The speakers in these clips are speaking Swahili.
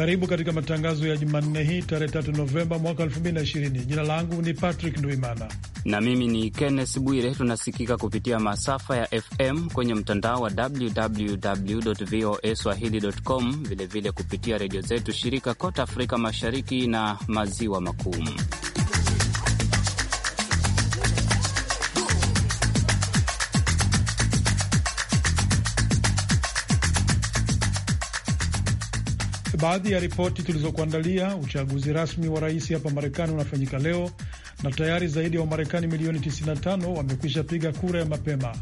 Karibu katika matangazo ya Jumanne hii tarehe 3 Novemba mwaka 2020. Jina langu ni Patrick Ndwimana na mimi ni Kenneth Bwire. Tunasikika kupitia masafa ya FM kwenye mtandao wa www voa swahili.com, vilevile kupitia redio zetu shirika kote Afrika Mashariki na Maziwa Makuu. Baadhi ya ripoti tulizokuandalia: uchaguzi rasmi wa rais hapa Marekani unafanyika leo na tayari zaidi ya wa Wamarekani milioni 95 wamekwisha piga kura ya mapema.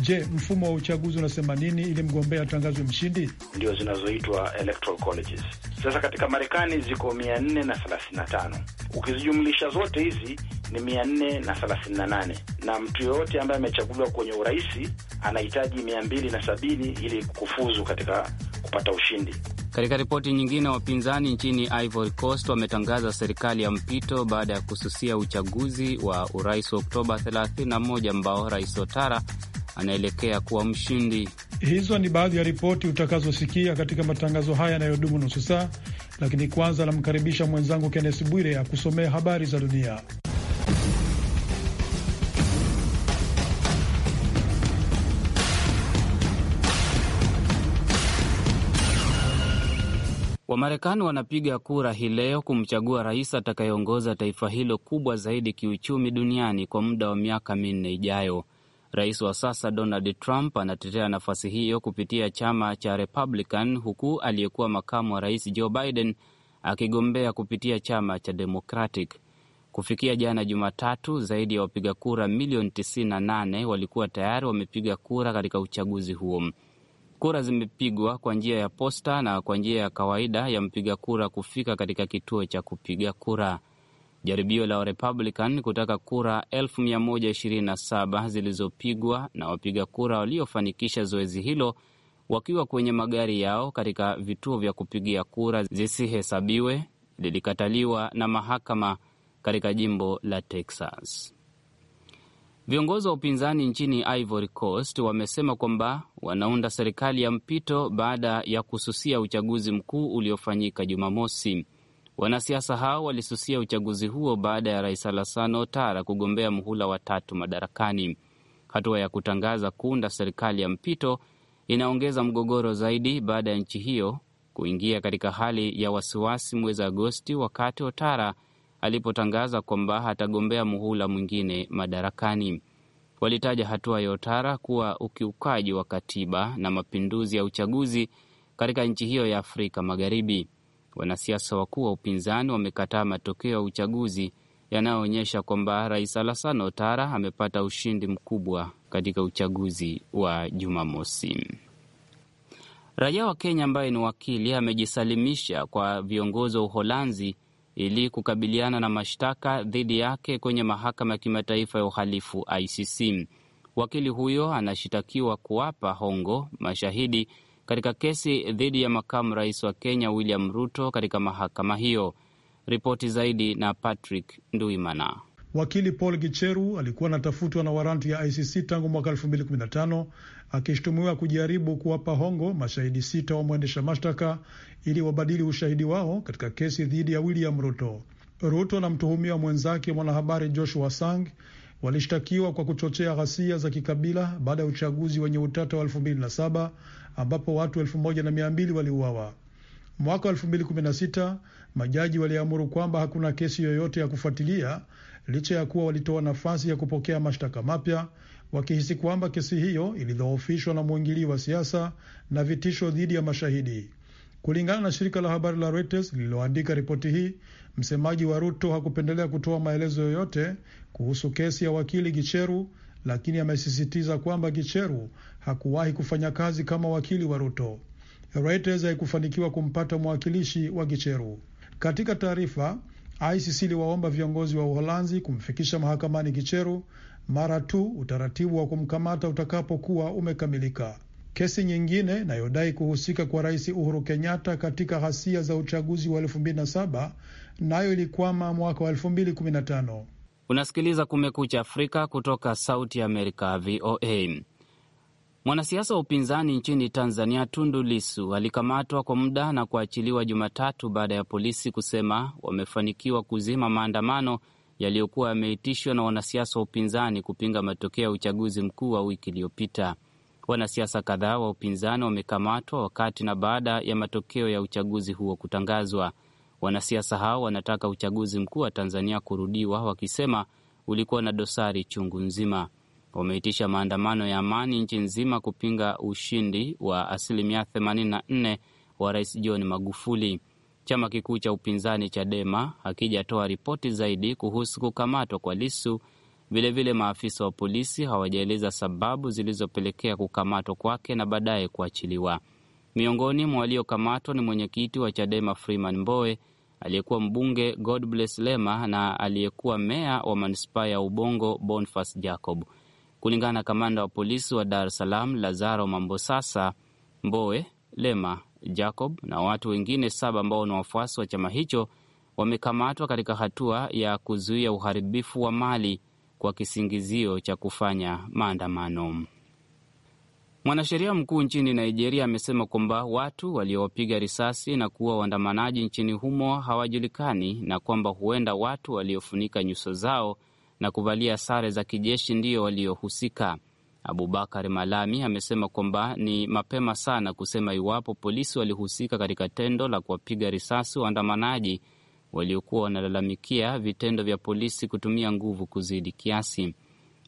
Je, mfumo wa uchaguzi unasema nini ili mgombea atangazwe mshindi? Ndio zinazoitwa electoral colleges. Sasa katika Marekani ziko 435 ukizijumlisha zote hizi ni 438 na mtu yoyote ambaye amechaguliwa kwenye uraisi anahitaji 270 ili kufuzu katika kupata ushindi. Katika ripoti nyingine, wapinzani nchini Ivory Coast wametangaza serikali ya mpito baada ya kususia uchaguzi wa urais wa Oktoba 31 ambao Rais Ouattara anaelekea kuwa mshindi. Hizo ni baadhi ya ripoti utakazosikia katika matangazo haya yanayodumu nusu saa, lakini kwanza anamkaribisha mwenzangu Kennes Bwire akusomea habari za dunia. Wamarekani wanapiga kura hii leo kumchagua rais atakayeongoza taifa hilo kubwa zaidi kiuchumi duniani kwa muda wa miaka minne ijayo. Rais wa sasa Donald Trump anatetea nafasi hiyo kupitia chama cha Republican, huku aliyekuwa makamu wa rais Joe Biden akigombea kupitia chama cha Democratic. Kufikia jana Jumatatu, zaidi ya wapiga kura milioni 98 walikuwa tayari wamepiga kura katika uchaguzi huo. Kura zimepigwa kwa njia ya posta na kwa njia ya kawaida ya mpiga kura kufika katika kituo cha kupiga kura. Jaribio la Republican kutaka kura 127 zilizopigwa na wapiga kura waliofanikisha zoezi hilo wakiwa kwenye magari yao katika vituo vya kupigia kura zisihesabiwe lilikataliwa na mahakama katika jimbo la Texas. Viongozi wa upinzani nchini Ivory Coast wamesema kwamba wanaunda serikali ya mpito baada ya kususia uchaguzi mkuu uliofanyika Jumamosi. Wanasiasa hao walisusia uchaguzi huo baada ya rais Alassane Ouattara kugombea mhula wa tatu madarakani. Hatua ya kutangaza kuunda serikali ya mpito inaongeza mgogoro zaidi baada ya nchi hiyo kuingia katika hali ya wasiwasi mwezi Agosti, wakati Ouattara alipotangaza kwamba hatagombea muhula mwingine madarakani. Walitaja hatua ya Otara kuwa ukiukaji wa katiba na mapinduzi ya uchaguzi katika nchi hiyo ya Afrika Magharibi. Wanasiasa wakuu wa upinzani wamekataa matokeo ya uchaguzi yanayoonyesha kwamba Rais Alassane Ouattara amepata ushindi mkubwa katika uchaguzi wa Jumamosi. Raia wa Kenya ambaye ni wakili amejisalimisha kwa viongozi wa Uholanzi ili kukabiliana na mashtaka dhidi yake kwenye mahakama ya kimataifa ya uhalifu ICC. Wakili huyo anashitakiwa kuwapa hongo mashahidi katika kesi dhidi ya makamu rais wa Kenya William Ruto katika mahakama hiyo. Ripoti zaidi na Patrick Nduimana. Wakili Paul Gicheru alikuwa anatafutwa na waranti ya ICC tangu mwaka 2015 akishtumiwa kujaribu kuwapa hongo mashahidi sita wa mwendesha mashtaka ili wabadili ushahidi wao katika kesi dhidi ya William Ruto. Ruto na mtuhumiwa mwenzake mwanahabari Joshua Sang walishtakiwa kwa kuchochea ghasia za kikabila baada ya uchaguzi wenye utata wa 2007 ambapo watu 1200 waliuawa. Mwaka 2016 majaji waliamuru kwamba hakuna kesi yoyote ya kufuatilia licha ya kuwa walitoa nafasi ya kupokea mashtaka mapya wakihisi kwamba kesi hiyo ilidhoofishwa na mwingilio wa siasa na vitisho dhidi ya mashahidi kulingana na shirika la habari la Reuters lililoandika ripoti hii. Msemaji wa Ruto hakupendelea kutoa maelezo yoyote kuhusu kesi ya wakili Gicheru, lakini amesisitiza kwamba Gicheru hakuwahi kufanya kazi kama wakili wa Ruto. Reuters haikufanikiwa kumpata mwakilishi wa Gicheru. Katika taarifa, ICC iliwaomba viongozi wa Uholanzi kumfikisha mahakamani Gicheru mara tu utaratibu wa kumkamata utakapokuwa umekamilika. Kesi nyingine inayodai kuhusika kwa Rais Uhuru Kenyatta katika ghasia za uchaguzi wa 2007 nayo ilikwama mwaka wa 2015. Unasikiliza Kumekucha Afrika kutoka Sauti ya Amerika, VOA. Mwanasiasa wa upinzani nchini Tanzania, Tundu Lisu, alikamatwa kwa muda na kuachiliwa Jumatatu baada ya polisi kusema wamefanikiwa kuzima maandamano yaliyokuwa yameitishwa na wanasiasa wa upinzani kupinga matokeo ya uchaguzi mkuu wa wiki iliyopita. Wanasiasa kadhaa wa upinzani wamekamatwa wakati na baada ya matokeo ya uchaguzi huo kutangazwa. Wanasiasa hao wanataka uchaguzi mkuu wa Tanzania kurudiwa, wakisema ulikuwa na dosari chungu nzima. Wameitisha maandamano ya amani nchi nzima kupinga ushindi wa asilimia 84 wa Rais John Magufuli. Chama kikuu cha upinzani Chadema hakijatoa ripoti zaidi kuhusu kukamatwa kwa Lisu Vilevile, maafisa wa polisi hawajaeleza sababu zilizopelekea kukamatwa kwake na baadaye kuachiliwa. Miongoni mwa waliokamatwa ni mwenyekiti wa CHADEMA Freeman Mbowe, aliyekuwa mbunge Godbless Lema na aliyekuwa meya wa manispaa ya Ubongo bonfas Jacob. Kulingana na kamanda wa polisi wa Dar es Salaam Lazaro Mambosasa, Mbowe, Lema, Jacob na watu wengine saba ambao ni wafuasi wa chama hicho wamekamatwa katika hatua ya kuzuia uharibifu wa mali kwa kisingizio cha kufanya maandamano. Mwanasheria mkuu nchini Nigeria amesema kwamba watu waliowapiga risasi na kuua waandamanaji nchini humo hawajulikani na kwamba huenda watu waliofunika nyuso zao na kuvalia sare za kijeshi ndiyo waliohusika. Abubakar Malami amesema kwamba ni mapema sana kusema iwapo polisi walihusika katika tendo la kuwapiga risasi waandamanaji waliokuwa wanalalamikia vitendo vya polisi kutumia nguvu kuzidi kiasi.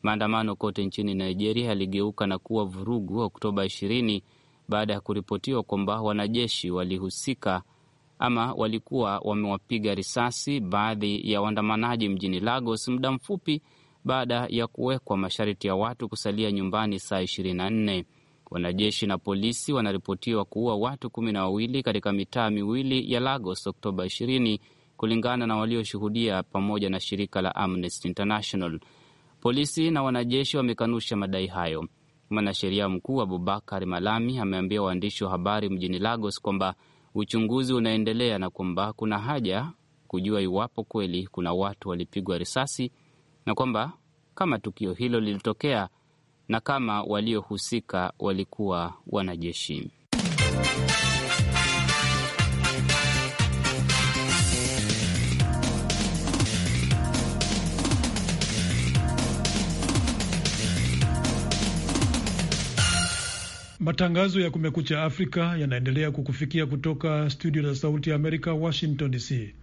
Maandamano kote nchini Nigeria yaligeuka na kuwa vurugu Oktoba 20 baada ya kuripotiwa kwamba wanajeshi walihusika ama walikuwa wamewapiga risasi baadhi ya waandamanaji mjini Lagos muda mfupi baada ya kuwekwa masharti ya watu kusalia nyumbani saa ish4 Wanajeshi na polisi wanaripotiwa kuua watu kumi na wawili katika mitaa miwili ya Lagos Oktoba 20 kulingana na walioshuhudia pamoja na shirika la Amnesty International. Polisi na wanajeshi wamekanusha madai hayo. Mwanasheria mkuu Abubakar Malami ameambia waandishi wa habari mjini Lagos kwamba uchunguzi unaendelea na kwamba kuna haja kujua iwapo kweli kuna watu walipigwa risasi na kwamba kama tukio hilo lilitokea na kama waliohusika walikuwa wanajeshi. Matangazo ya Kumekucha Afrika yanaendelea kukufikia kutoka studio za Sauti ya Amerika, Washington DC.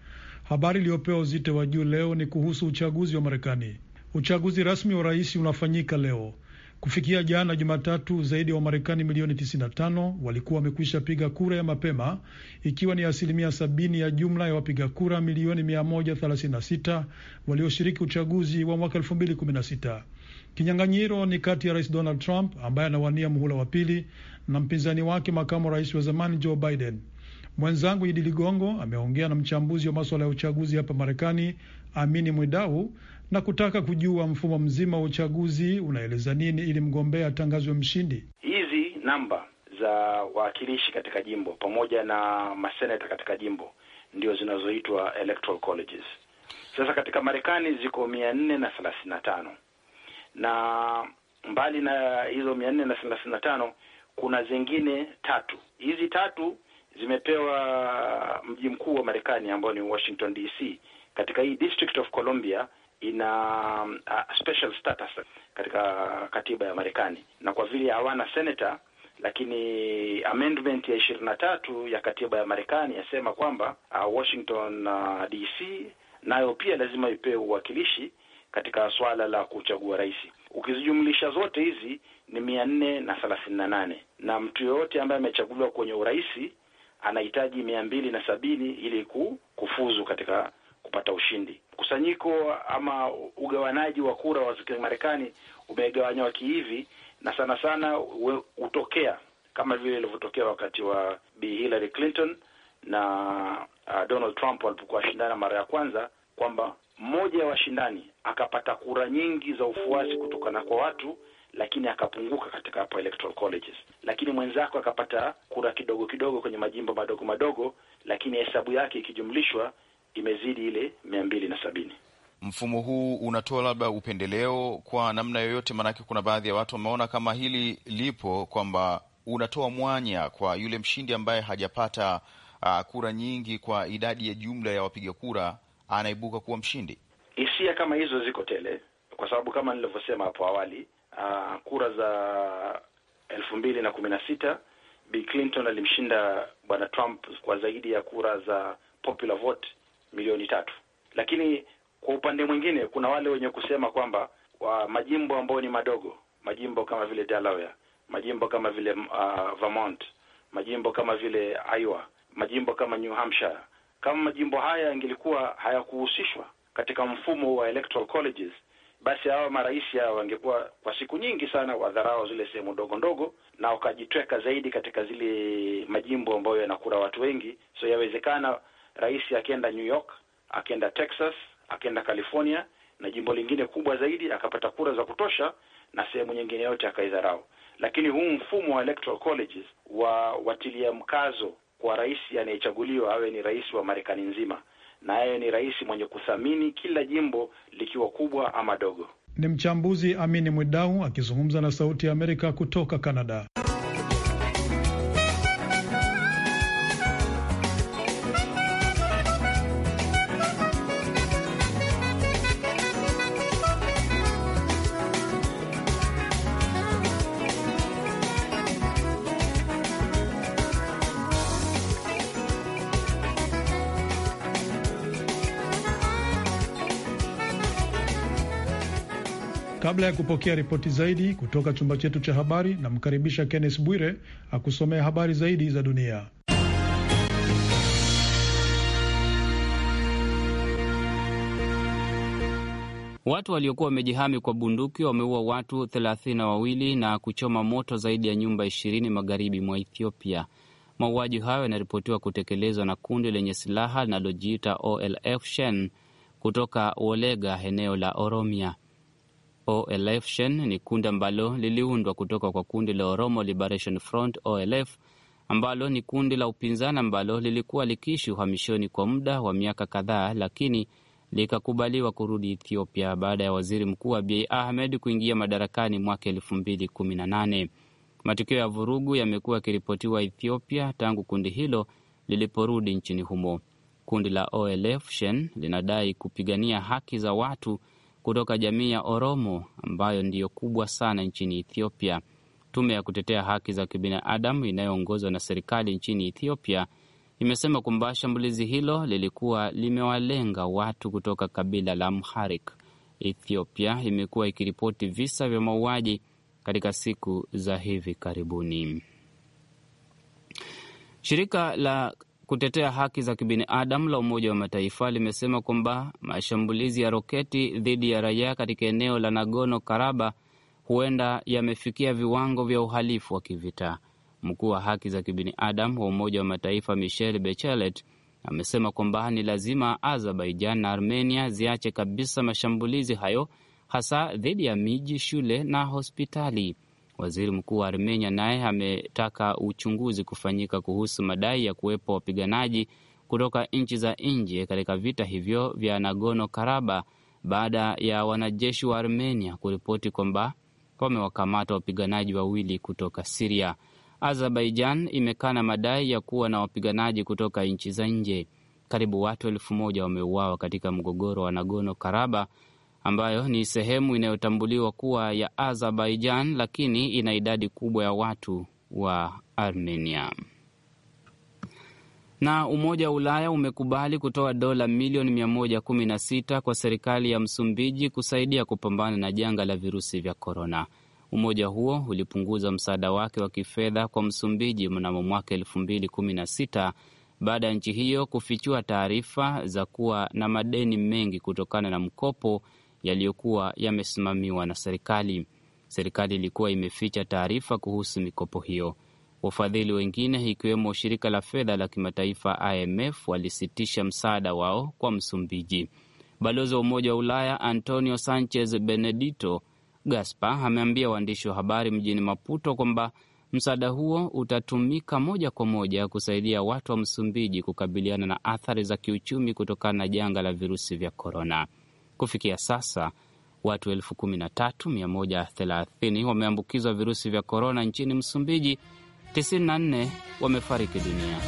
Habari iliyopewa uzito wa juu leo ni kuhusu uchaguzi wa Marekani. Uchaguzi rasmi wa rais unafanyika leo. Kufikia jana Jumatatu, zaidi ya wa Wamarekani milioni 95 walikuwa wamekwisha piga kura ya mapema, ikiwa ni asilimia 70 ya jumla ya wapiga kura milioni 136 walioshiriki uchaguzi wa mwaka 2016. Kinyang'anyiro ni kati ya Rais Donald Trump ambaye anawania muhula wa pili na mpinzani wake makamu rais wa zamani Joe Biden. Mwenzangu Idi Ligongo ameongea na mchambuzi wa maswala ya uchaguzi hapa Marekani, Amini Mwidau, na kutaka kujua mfumo mzima wa uchaguzi unaeleza nini ili mgombea atangazwe mshindi. Hizi namba za wawakilishi katika jimbo pamoja na maseneta katika jimbo ndio zinazoitwa electoral colleges. Sasa katika Marekani ziko mia nne na thelathini na tano na mbali na hizo mia nne na thelathini na tano kuna zingine tatu. Hizi tatu zimepewa mji mkuu wa Marekani ambao ni Washington DC. Katika hii District of Columbia ina uh, special status katika katiba ya Marekani, na kwa vile hawana senator, lakini amendment ya ishirini na tatu ya katiba ya Marekani yasema kwamba uh, Washington uh, DC nayo pia lazima ipewe uwakilishi katika swala la kuchagua rais. Ukizijumlisha zote hizi ni mia nne na thelathini na nane na mtu yoyote ambaye amechaguliwa kwenye urais anahitaji mia mbili na sabini ili kufuzu katika kupata ushindi. Mkusanyiko ama ugawanaji wa kura wa Marekani umegawanywa kihivi, na sana sana hutokea kama vile ilivyotokea wakati wa Bi Hillary Clinton na uh, Donald Trump walipokuwa shindana mara ya kwanza kwamba mmoja ya wa washindani akapata kura nyingi za ufuasi kutokana kwa watu, lakini akapunguka katika hapo electoral colleges, lakini mwenzako akapata kura kidogo kidogo kwenye majimbo madogo madogo, lakini hesabu yake ikijumlishwa imezidi ile mia mbili na sabini. Mfumo huu unatoa labda upendeleo kwa namna yoyote? Maanake kuna baadhi ya watu wameona kama hili lipo kwamba unatoa mwanya kwa yule mshindi ambaye hajapata uh, kura nyingi kwa idadi ya jumla ya wapiga kura anaibuka kuwa mshindi. Hisia kama hizo ziko tele, kwa sababu kama nilivyosema hapo awali, uh, kura za elfu mbili na kumi na sita Bill Clinton alimshinda bwana Trump kwa zaidi ya kura za popular vote milioni tatu. Lakini kwa upande mwingine, kuna wale wenye kusema kwamba wa majimbo ambayo ni madogo, majimbo kama vile Delaware, majimbo kama vile uh, Vermont, majimbo kama vile Iowa, majimbo kama New Hampshire kama majimbo haya yangelikuwa hayakuhusishwa katika mfumo wa electoral colleges, basi hawa marais hawa wangekuwa kwa siku nyingi sana wadharao zile sehemu ndogo ndogo, na wakajitweka zaidi katika zile majimbo ambayo yanakura watu wengi. So yawezekana rais akienda New York, akienda Texas, akienda California na jimbo lingine kubwa zaidi akapata kura za kutosha, na sehemu nyingine yote akaidharau. Lakini huu mfumo wa electoral colleges wa watilia mkazo kwa rais anayechaguliwa awe ni rais wa Marekani nzima na awe ni rais mwenye kuthamini kila jimbo likiwa kubwa ama dogo. Ni mchambuzi Amini Mwidau akizungumza na Sauti ya Amerika kutoka Kanada. Kabla ya kupokea ripoti zaidi kutoka chumba chetu cha habari, namkaribisha Kennes Bwire akusomea habari zaidi za dunia. Watu waliokuwa wamejihami kwa bunduki wameua watu thelathini na wawili na kuchoma moto zaidi ya nyumba ishirini magharibi mwa Ethiopia. Mauaji hayo yanaripotiwa kutekelezwa na kundi lenye silaha linalojiita OLF Shen kutoka Wolega, eneo la Oromia. OLF-Shen ni kundi ambalo liliundwa kutoka kwa kundi la Oromo Liberation Front OLF ambalo ni kundi la upinzani ambalo lilikuwa likiishi uhamishoni kwa muda wa miaka kadhaa, lakini likakubaliwa kurudi Ethiopia baada ya waziri mkuu Abiy Ahmed kuingia madarakani mwaka elfu mbili kumi na nane. Matukio ya vurugu yamekuwa yakiripotiwa Ethiopia tangu kundi hilo liliporudi nchini humo. Kundi la OLF-Shen linadai kupigania haki za watu kutoka jamii ya Oromo ambayo ndiyo kubwa sana nchini Ethiopia. Tume ya kutetea haki za kibinadamu inayoongozwa na serikali nchini Ethiopia imesema kwamba shambulizi hilo lilikuwa limewalenga watu kutoka kabila la Amharic. Ethiopia imekuwa ikiripoti visa vya mauaji katika siku za hivi karibuni. Shirika la kutetea haki za kibinadamu la Umoja wa Mataifa limesema kwamba mashambulizi ya roketi dhidi ya raia katika eneo la nagono karaba huenda yamefikia viwango vya uhalifu wa kivita. Mkuu wa haki za kibinadamu wa Umoja wa Mataifa Michelle Bachelet amesema kwamba ni lazima Azerbaijan na Armenia ziache kabisa mashambulizi hayo hasa dhidi ya miji, shule na hospitali. Waziri mkuu wa Armenia naye ametaka uchunguzi kufanyika kuhusu madai ya kuwepo wapiganaji kutoka nchi za nje katika vita hivyo vya nagono karaba baada ya wanajeshi wa Armenia kuripoti kwamba wamewakamata wapiganaji wawili kutoka Siria. Azerbaijan imekana madai ya kuwa na wapiganaji kutoka nchi za nje. Karibu watu elfu moja wameuawa katika mgogoro wa nagono karaba ambayo ni sehemu inayotambuliwa kuwa ya Azerbaijan lakini ina idadi kubwa ya watu wa Armenia. Na Umoja wa Ulaya umekubali kutoa dola milioni 116 kwa serikali ya Msumbiji kusaidia kupambana na janga la virusi vya korona. Umoja huo ulipunguza msaada wake wa kifedha kwa Msumbiji mnamo mwaka 2016 baada ya nchi hiyo kufichua taarifa za kuwa na madeni mengi kutokana na mkopo yaliyokuwa yamesimamiwa na serikali. Serikali ilikuwa imeficha taarifa kuhusu mikopo hiyo. Wafadhili wengine ikiwemo shirika la fedha la kimataifa IMF walisitisha msaada wao kwa Msumbiji. Balozi wa Umoja wa Ulaya Antonio Sanchez Benedito Gaspar ameambia waandishi wa habari mjini Maputo kwamba msaada huo utatumika moja kwa moja kusaidia watu wa Msumbiji kukabiliana na athari za kiuchumi kutokana na janga la virusi vya korona. Kufikia sasa watu 13130 wameambukizwa virusi vya korona nchini Msumbiji, 94 wamefariki dunia.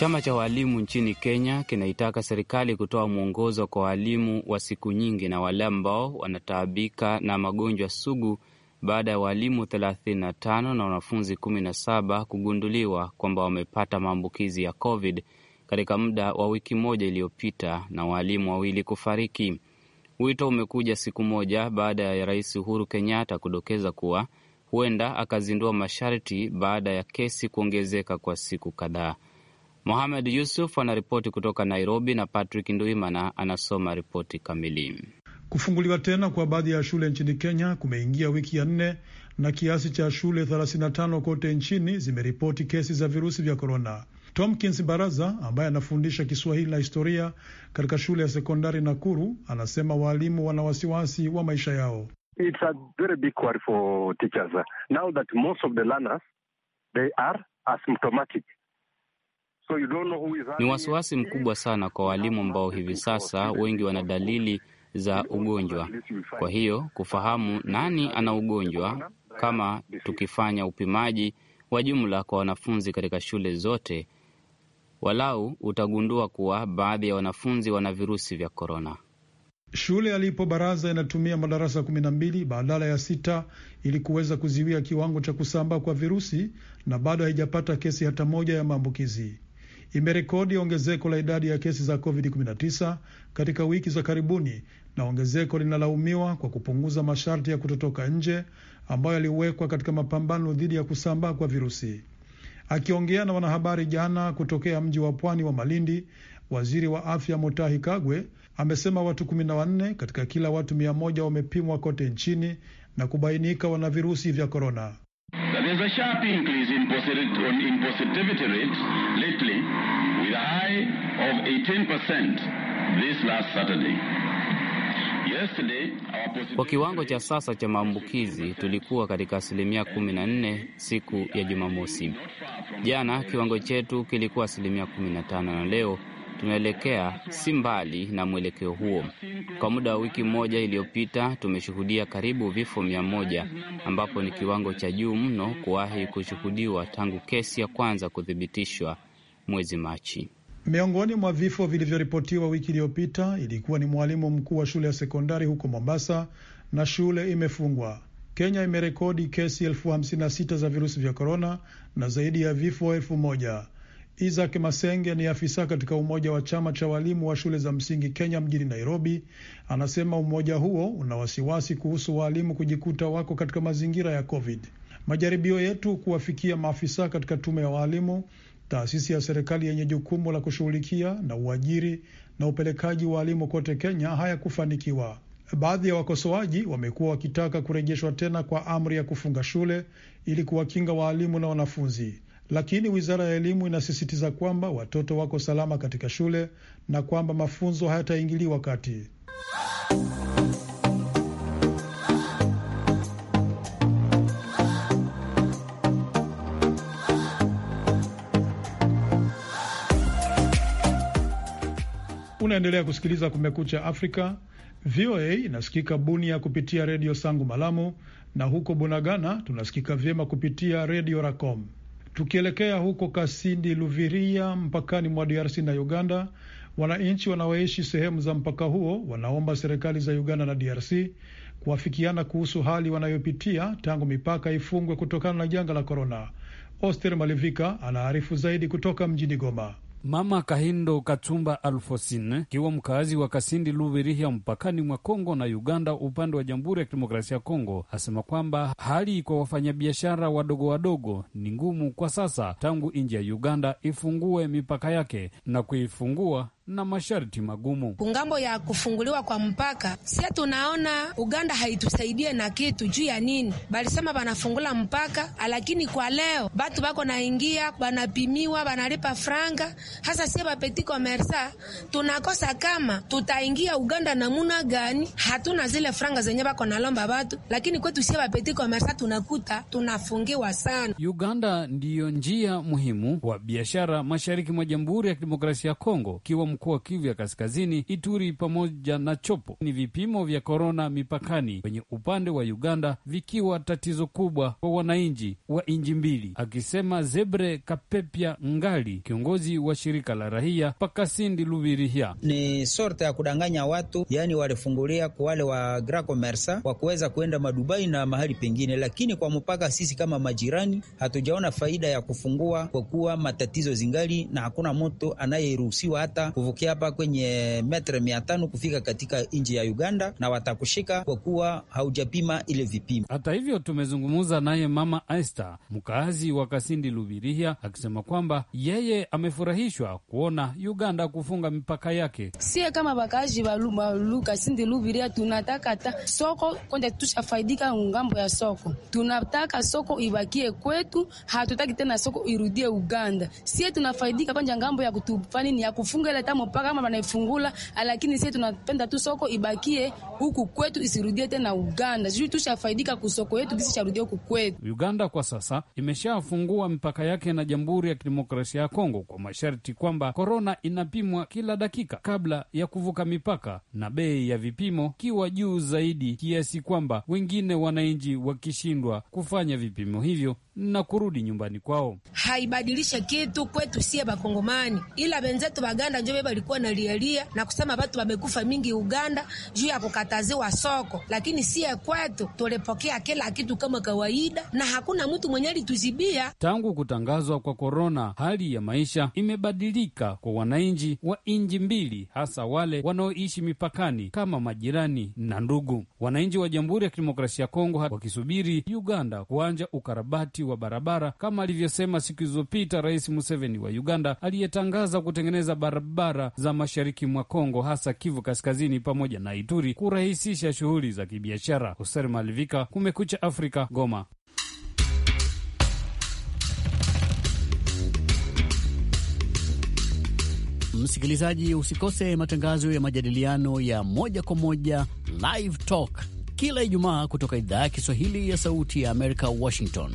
Chama cha waalimu nchini Kenya kinaitaka serikali kutoa mwongozo kwa waalimu wa siku nyingi na wale ambao wanataabika na magonjwa sugu baada ya waalimu 35 na wanafunzi 17 kugunduliwa kwamba wamepata maambukizi ya COVID katika muda wa wiki moja iliyopita na waalimu wawili kufariki. Wito umekuja siku moja baada ya Rais Uhuru Kenyatta kudokeza kuwa huenda akazindua masharti baada ya kesi kuongezeka kwa siku kadhaa. Mohamed Yusuf anaripoti kutoka Nairobi na Patrick Nduimana anasoma ripoti kamili. Kufunguliwa tena kwa baadhi ya shule nchini Kenya kumeingia wiki ya nne na kiasi cha shule 35 kote nchini zimeripoti kesi za virusi vya korona. Tomkins Baraza ambaye anafundisha Kiswahili na historia katika shule ya sekondari Nakuru anasema waalimu wana wasiwasi wa maisha yao. It's a very big worry for teachers now that most of the learners they are asymptomatic ni wasiwasi mkubwa sana kwa walimu ambao hivi sasa wengi wana dalili za ugonjwa. Kwa hiyo kufahamu nani ana ugonjwa, kama tukifanya upimaji wa jumla kwa wanafunzi katika shule zote, walau utagundua kuwa baadhi ya wanafunzi wana virusi vya korona. Shule alipo Baraza inatumia madarasa kumi na mbili badala ya sita ili kuweza kuziwia kiwango cha kusambaa kwa virusi, na bado haijapata kesi hata moja ya maambukizi imerekodi ongezeko la idadi ya kesi za COVID-19 katika wiki za karibuni na ongezeko linalaumiwa kwa kupunguza masharti ya kutotoka nje ambayo yaliwekwa katika mapambano dhidi ya kusambaa kwa virusi. Akiongea na wanahabari jana kutokea mji wa pwani wa Malindi, waziri wa afya Mutahi Kagwe amesema watu kumi na wanne katika kila watu mia moja wamepimwa kote nchini na kubainika wana virusi vya korona. That There's a sharp increase in, posit- in positivity rate lately with a high of 18% this last Saturday. kwa kiwango cha sasa cha maambukizi tulikuwa katika asilimia 14 siku ya Jumamosi. Jana kiwango chetu kilikuwa asilimia 15 na leo tunaelekea si mbali na mwelekeo huo. Kwa muda wa wiki moja iliyopita, tumeshuhudia karibu vifo mia moja ambapo ni kiwango cha juu mno kuwahi kushuhudiwa tangu kesi ya kwanza kuthibitishwa mwezi Machi. Miongoni mwa vifo vilivyoripotiwa wiki iliyopita ilikuwa ni mwalimu mkuu wa shule ya sekondari huko Mombasa, na shule imefungwa. Kenya imerekodi kesi elfu hamsini na sita za virusi vya korona na zaidi ya vifo elfu moja. Isaac Masenge ni afisa katika umoja wa chama cha walimu wa shule za msingi Kenya mjini Nairobi, anasema umoja huo una wasiwasi kuhusu waalimu kujikuta wako katika mazingira ya COVID. Majaribio yetu kuwafikia maafisa katika tume ya waalimu, taasisi ya serikali yenye jukumu la kushughulikia na uajiri na upelekaji wa waalimu kote Kenya hayakufanikiwa. Baadhi ya wakosoaji wamekuwa wakitaka kurejeshwa tena kwa amri ya kufunga shule ili kuwakinga waalimu na wanafunzi lakini wizara ya elimu inasisitiza kwamba watoto wako salama katika shule na kwamba mafunzo hayataingiliwa kati. Unaendelea kusikiliza Kumekucha Afrika. VOA inasikika Bunia kupitia redio Sangu Malamu, na huko Bunagana tunasikika vyema kupitia redio Racom. Tukielekea huko Kasindi Luviria, mpakani mwa DRC na Uganda, wananchi wanaoishi sehemu za mpaka huo wanaomba serikali za Uganda na DRC kuafikiana kuhusu hali wanayopitia tangu mipaka ifungwe kutokana na janga la korona. Oster Malivika anaarifu zaidi kutoka mjini Goma. Mama Kahindo Katumba Alfosine kiwa mkazi wa Kasindi Lubirihya, mpakani mwa Kongo na Uganda, upande wa Jamhuri ya Kidemokrasia ya Kongo, asema kwamba hali kwa wafanyabiashara wadogo wadogo ni ngumu kwa sasa tangu nchi ya Uganda ifungue mipaka yake na kuifungua na masharti magumu. Kungambo ya kufunguliwa kwa mpaka, sie tunaona Uganda haitusaidie na kitu juu ya nini? Balisema banafungula mpaka, lakini kwa leo batu bako naingia, banapimiwa, banalipa franga. Hasa sie bapeti komersa tunakosa kama tutaingia Uganda namuna gani? Hatuna zile franga zenye bako nalomba batu, lakini kwetu sie bapeti komersa tunakuta tunafungiwa sana. Uganda ndiyo njia muhimu wa biashara mashariki mwa Jamhuri ya Kidemokrasia ya Kongo kiwa mkoa wa Kivu ya Kaskazini, Ituri pamoja na Chopo ni vipimo vya korona mipakani kwenye upande wa Uganda, vikiwa tatizo kubwa kwa wananchi wa nchi mbili, akisema Zebre Kapepya Ngali, kiongozi wa shirika la rahia Pakasindi Lubirihia. Ni sorte ya kudanganya watu, yani walifungulia kwa wale wa Grand Commerce kwa kuweza kuenda madubai na mahali pengine, lakini kwa mpaka sisi kama majirani hatujaona faida ya kufungua kwa kuwa matatizo zingali na hakuna mtu anayeruhusiwa hata kuvu kuvukia hapa kwenye metre mia tano kufika katika nchi ya Uganda na watakushika kwa kuwa haujapima ile vipimo. Hata hivyo, tumezungumza naye mama Esther, mkazi wa Kasindi Lubiria, akisema kwamba yeye amefurahishwa kuona Uganda kufunga mipaka yake. Sie kama bakazi wa Kasindi Lubiria tunataka ta soko kwenda, tushafaidika ngambo ya soko, tunataka soko ibakie kwetu, hatutaki tena soko irudie Uganda. Sie tunafaidika kwanja ngambo ya kutufanini ya kufunga ile tamu mpaka kama wanaifungula, lakini sisi tunapenda tu soko ibakie huku kwetu isirudie tena Uganda. Sisi tushafaidika kusoko yetu bisi charudie huku kwetu. Uganda kwa sasa imeshafungua mipaka yake na Jamhuri ya Kidemokrasia ya Kongo kwa masharti kwamba korona inapimwa kila dakika kabla ya kuvuka mipaka na bei ya vipimo kiwa juu zaidi kiasi kwamba wengine wananchi wakishindwa kufanya vipimo hivyo na kurudi nyumbani kwao. Haibadilishe kitu kwetu sie Bakongomani, ila benzetu Baganda njo balikuwa nalialia na kusema batu wamekufa mingi Uganda juu ya kukataziwa soko, lakini sie kwetu tulipokea kila kitu kama kawaida na hakuna mtu mwenye alituzibia. Tangu kutangazwa kwa korona, hali ya maisha imebadilika kwa wananchi wa inji mbili, hasa wale wanaoishi mipakani kama majirani na ndugu. Wananchi wa Jamhuri ya Kidemokrasia ya Kongo wakisubiri Uganda kuanja ukarabati wa barabara kama alivyosema siku zilizopita Rais Museveni wa Uganda aliyetangaza kutengeneza barabara za mashariki mwa Kongo, hasa Kivu Kaskazini pamoja na Ituri kurahisisha shughuli za kibiashara. Hoser Malivika, Kumekucha Afrika, Goma. Msikilizaji, usikose matangazo ya majadiliano ya moja kwa moja Live Talk kila Ijumaa kutoka idhaa ya Kiswahili ya Sauti ya Amerika, Washington.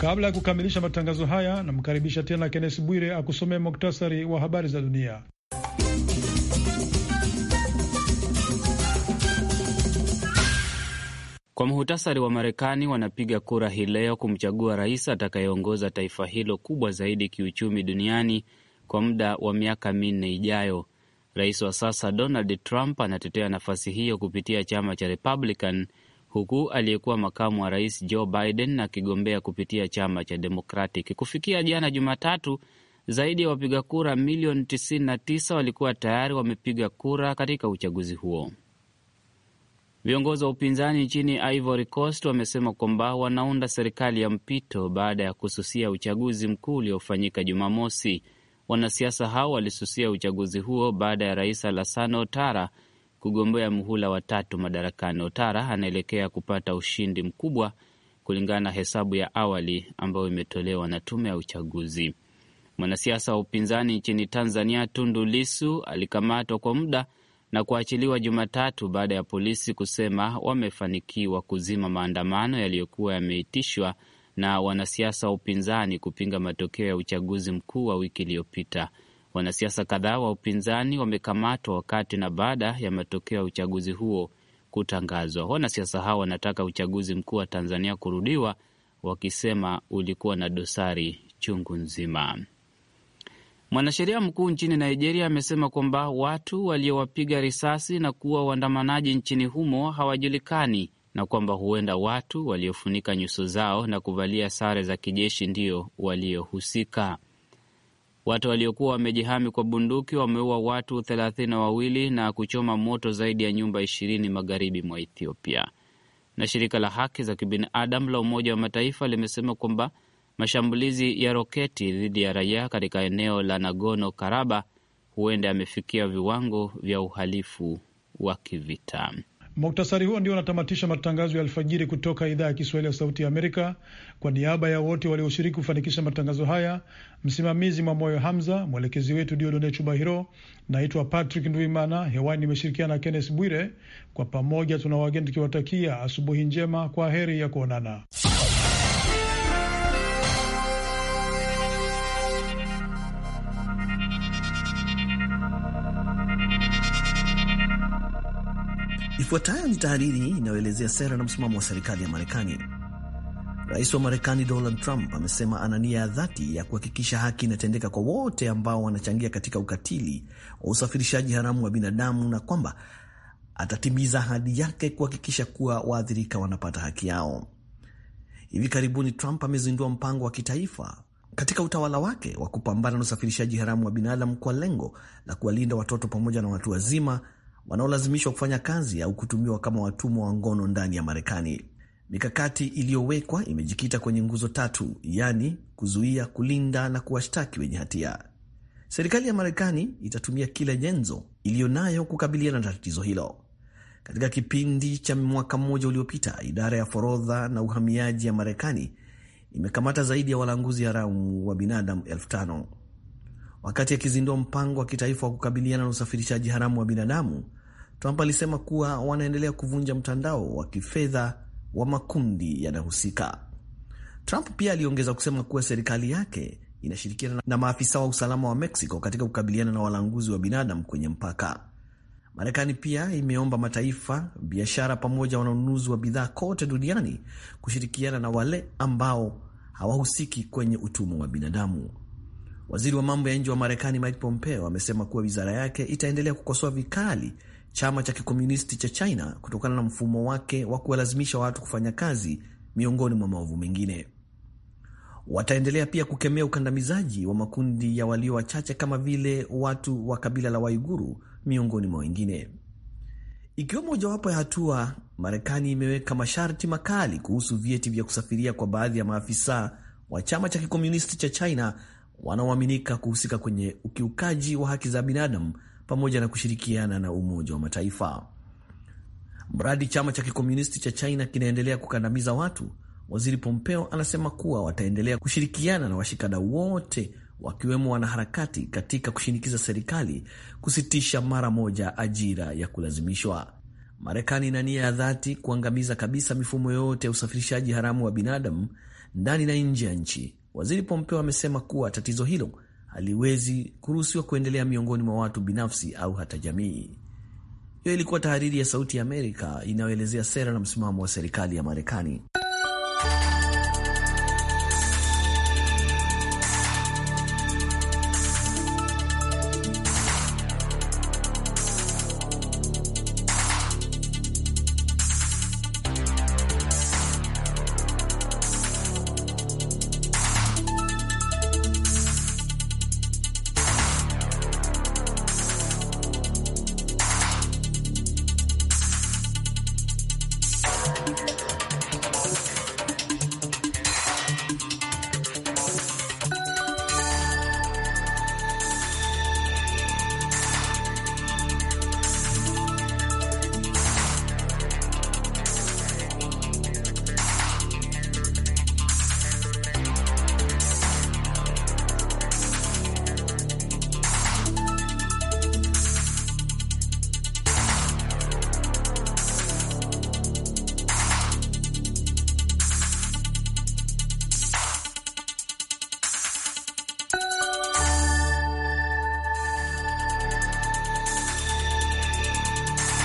Kabla ya kukamilisha matangazo haya, namkaribisha tena Kennes Bwire akusomea muktasari wa habari za dunia. Kwa muhtasari wa Marekani wanapiga kura hii leo kumchagua rais atakayeongoza taifa hilo kubwa zaidi kiuchumi duniani kwa muda wa miaka minne ijayo. Rais wa sasa Donald Trump anatetea nafasi hiyo kupitia chama cha Republican huku aliyekuwa makamu wa rais Joe Biden akigombea kupitia chama cha Democratic. Kufikia jana Jumatatu, zaidi ya wapiga kura milioni 99 walikuwa tayari wamepiga kura katika uchaguzi huo. Viongozi wa upinzani nchini Ivory Coast wamesema kwamba wanaunda serikali ya mpito baada ya kususia uchaguzi mkuu uliofanyika Jumamosi. Wanasiasa hao walisusia uchaguzi huo baada ya rais Alassane Ouattara kugombea muhula wa tatu madarakani. Otara anaelekea kupata ushindi mkubwa kulingana na hesabu ya awali ambayo imetolewa na tume ya uchaguzi. Mwanasiasa wa upinzani nchini Tanzania Tundu Lisu alikamatwa kwa muda na kuachiliwa Jumatatu baada ya polisi kusema wamefanikiwa kuzima maandamano yaliyokuwa yameitishwa na wanasiasa wa upinzani kupinga matokeo ya uchaguzi mkuu wa wiki iliyopita. Wanasiasa kadhaa wa upinzani wamekamatwa wakati na baada ya matokeo ya uchaguzi huo kutangazwa. Wanasiasa hao wanataka uchaguzi mkuu wa Tanzania kurudiwa, wakisema ulikuwa na dosari chungu nzima. Mwanasheria mkuu nchini Nigeria amesema kwamba watu waliowapiga risasi na kuwa waandamanaji nchini humo hawajulikani na kwamba huenda watu waliofunika nyuso zao na kuvalia sare za kijeshi ndio waliohusika. Watu waliokuwa wamejihami kwa bunduki wameua watu thelathini na wawili na kuchoma moto zaidi ya nyumba ishirini magharibi mwa Ethiopia. Na shirika la haki za kibinadamu la Umoja wa Mataifa limesema kwamba mashambulizi ya roketi dhidi ya raia katika eneo la Nagono Karaba huenda yamefikia viwango vya uhalifu wa kivita. Muktasari huo ndio unatamatisha matangazo ya alfajiri kutoka idhaa ya Kiswahili ya Sauti ya Amerika. Kwa niaba ya wote walioshiriki kufanikisha matangazo haya, msimamizi mwa moyo Hamza, mwelekezi wetu Diodone Chubahiro. Naitwa Patrick Nduimana, hewani nimeshirikiana na Kennes Bwire. Kwa pamoja tuna wageni tukiwatakia asubuhi njema, kwa heri ya kuonana. Ifuatayo ni tahariri inayoelezea sera na msimamo wa serikali ya Marekani. Rais wa Marekani Donald Trump amesema ana nia ya dhati ya kuhakikisha haki inatendeka kwa wote ambao wanachangia katika ukatili wa usafirishaji haramu wa binadamu na kwamba atatimiza ahadi yake kuhakikisha kuwa waathirika wanapata haki yao. Hivi karibuni Trump amezindua mpango wa kitaifa katika utawala wake wa kupambana na usafirishaji haramu wa binadamu kwa lengo la kuwalinda watoto pamoja na watu wazima wanaolazimishwa kufanya kazi au kutumiwa kama watumwa wa ngono ndani ya Marekani. Mikakati iliyowekwa imejikita kwenye nguzo tatu, yaani kuzuia, kulinda na kuwashtaki wenye hatia. Serikali ya Marekani itatumia kila nyenzo iliyo nayo kukabiliana na tatizo hilo. Katika kipindi cha mwaka mmoja uliopita, idara ya forodha na uhamiaji ya Marekani imekamata zaidi ya walanguzi haramu wa binadamu elfu tano. Wakati akizindua mpango wa kitaifa wa kukabiliana na usafirishaji haramu wa binadamu, Trump alisema kuwa wanaendelea kuvunja mtandao wa kifedha wa makundi yanahusika. Trump pia aliongeza kusema kuwa serikali yake inashirikiana na maafisa wa usalama wa Mexico katika kukabiliana na walanguzi wa binadamu kwenye mpaka. Marekani pia imeomba mataifa biashara pamoja na wa bidhaa kote duniani kushirikiana na wale ambao hawahusiki kwenye utumwa wa binadamu. Waziri wa mambo ya nje wa Marekani Mike Pompeo amesema kuwa wizara yake itaendelea kukosoa vikali chama cha kikomunisti cha China kutokana na mfumo wake wa kuwalazimisha watu kufanya kazi, miongoni mwa maovu mengine. Wataendelea pia kukemea ukandamizaji wa makundi ya walio wachache kama vile watu wa kabila la Waiguru, miongoni mwa wengine. Ikiwa mojawapo ya hatua, Marekani imeweka masharti makali kuhusu vyeti vya kusafiria kwa baadhi ya maafisa wa chama cha kikomunisti cha China wanaoaminika kuhusika kwenye ukiukaji wa haki za binadamu pamoja na kushirikiana na Umoja wa Mataifa. Mradi chama cha kikomunisti cha China kinaendelea kukandamiza watu, Waziri Pompeo anasema kuwa wataendelea kushirikiana na washikadau wote wakiwemo wanaharakati katika kushinikiza serikali kusitisha mara moja ajira ya kulazimishwa. Marekani ina nia ya dhati kuangamiza kabisa mifumo yote ya usafirishaji haramu wa binadamu ndani na nje ya nchi Waziri Pompeo amesema kuwa tatizo hilo haliwezi kuruhusiwa kuendelea miongoni mwa watu binafsi au hata jamii. Hiyo ilikuwa tahariri ya Sauti ya Amerika inayoelezea sera na msimamo wa serikali ya Marekani.